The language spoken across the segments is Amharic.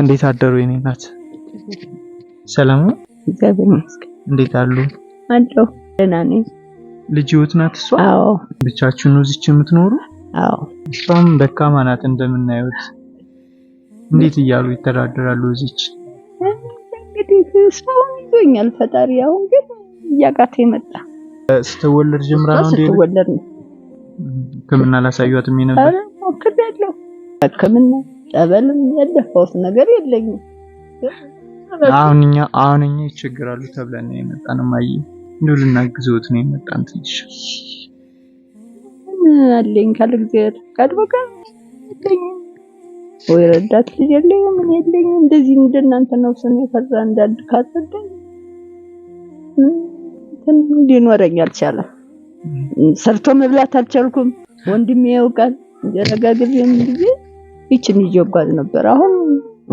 እንዴት አደሩ የኔ እናት? ሰላም ነው? እግዚአብሔር ይመስገን። እንዴት አሉ? አለሁ ደህና ነኝ። ልጅ ህይወት ናት እሷ? አዎ። ብቻችሁን ነው እዚች የምትኖሩ? አዎ። እሷም ደካማ ናት እንደምናየውት። እንዴት እያሉ ይተዳደራሉ እዚች? እንግዲህ ሰውን ይዞኛል ፈጣሪ። አሁን ግን እያቃተ የመጣ ስትወለድ ጀምራ ነው እንዴ? ስትወለድ ነው። ህክምና ላሳዩአትም ነበር? አረ ሞክሬያለሁ ህክምና ጠበልም የደፋውስ ነገር የለኝም። አሁን እኛ አሁን እኛ ይቸግራሉ ተብለን ነው የመጣን። ማየ እንደው ልናግዘውት ነው የመጣን። ትንሽ አለኝ ካለ እግዚአብሔር ፈቃድ በቃ ወይ ረዳት ልጅ የለኝም፣ ምን የለኝም። እንደዚህ እንደናንተ ነው ሰው የፈራ እንዳንድ ካጸደኝ እንዲኖረኝ አልቻለም። ሰርቶ መብላት አልቻልኩም። ወንድሜ ያውቃል። እንጀራ ጋግሬም ጊዜ ይችን ይዤ እጓዝ ነበር። አሁን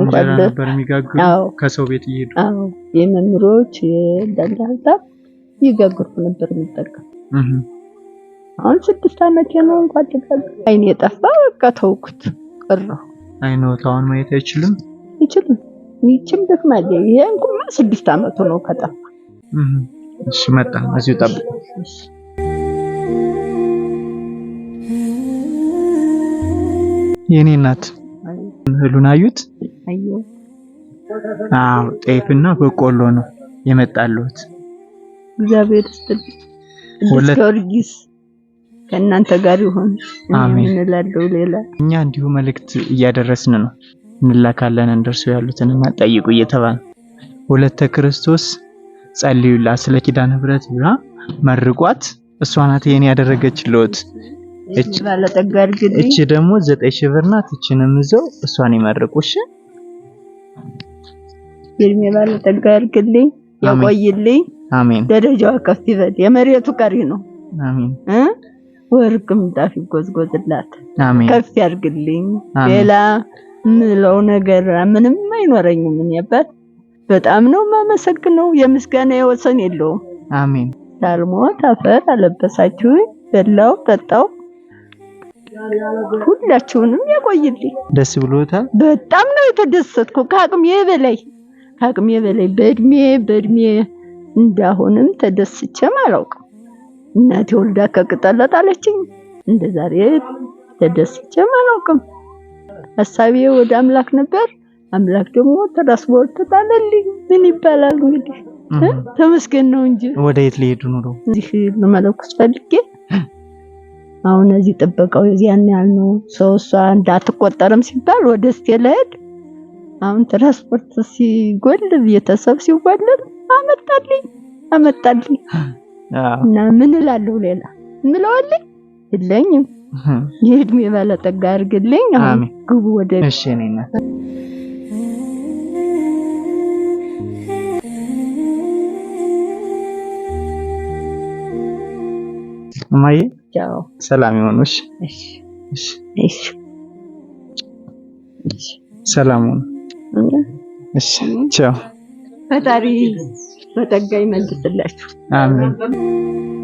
እንኳን ነበር የሚጋግሩ ከሰው ቤት እየሄዱ አዎ፣ የመምህሮች የዳንዳ ሀሳብ ይጋግሩ ነበር የሚጠቀም አሁን ስድስት ዓመት ነው። እንኳን ተጋግ አይን የጠፋ በቃ ተውኩት ቀረሁ። አይኖ አሁን ማየት አይችልም አይችልም። ይችም ደክማለ። ይሄ እንኳን ስድስት ዓመቱ ነው ከጠፋ። እሺ መጣ እዚሁ ጠብቁ። የኔ እናት እህሉን አዩት? አዎ ጤፍና በቆሎ ነው የመጣልሁት። እግዚአብሔር ይስጥልኝ። ቅዱስ ጊዮርጊስ ከእናንተ ጋር ይሁን። አሜን እንላለው። ሌላ እኛ እንዲሁ መልእክት እያደረስን ነው። እንላካለን እንደርሱ ያሉትን እና ጠይቁ እየተባለ ወለተ ክርስቶስ ጸልዩላት፣ ስለ ኪዳነ ምህረት ይላ መርቋት። እሷ ናት ይሄን ያደረገችልዎት። እቺ ደግሞ ዘጠኝ ሺህ ብር ናት። እቺንም እዛው እሷን ይመርቁሽ። የእድሜ ባለጠጋ ያድርግልኝ፣ ያቆይልኝ። አሜን። ደረጃዋ ከፍ ይበል። የመሬቱ ቀሪ ነው። አሜን። ወርቅ ምንጣፍ ይጎዝጎዝላት። አሜን። ከፍ ያርግልኝ። ሌላ ምለው ነገር ምንም አይኖረኝም። ምን ያባት በጣም ነው የማመሰግነው። የምስጋና የወሰን የለውም። አሜን። ሳልሞት አፈር አለበሳችሁ። በላው ጠጣው ሁላችሁንም ያቆይልኝ። ደስ ብሎታል። በጣም ነው የተደሰትኩ ከአቅሜ በላይ ከአቅሜ በላይ በእድሜ በእድሜ እንዳሁንም ተደስቼም አላውቅም። እናቴ ወልዳ ከቅጠላት አለችኝ እንደ ዛሬ ተደስቼም አላውቅም። ሀሳቤ ወደ አምላክ ነበር። አምላክ ደግሞ ተራስ ወርቶ ምን ይባላል እንግዲህ ተመስገን ነው እንጂ። ወደ የት ሊሄዱ ነው? እዚህ ለመለኮስ ፈልጌ አሁን እዚህ ጥበቃው ያን ያህል ነው። ሰው እሷ እንዳትቆጠርም ሲባል ወደ እስቴ አሁን ትራንስፖርት ሲጎል ቤተሰብ ሲወልም አመጣልኝ አመጣልኝ እና ምን እላለሁ? ሌላ ምለውልኝ የለኝም። የእድሜ ባለጠጋ አድርግልኝ። አሁን ግቡ ወደ እሺ እማዬ ሰላም ይሆኑ። ሰላም ሆኑ። ፈጣሪ በጸጋ ይመልስላችሁ። አሜን።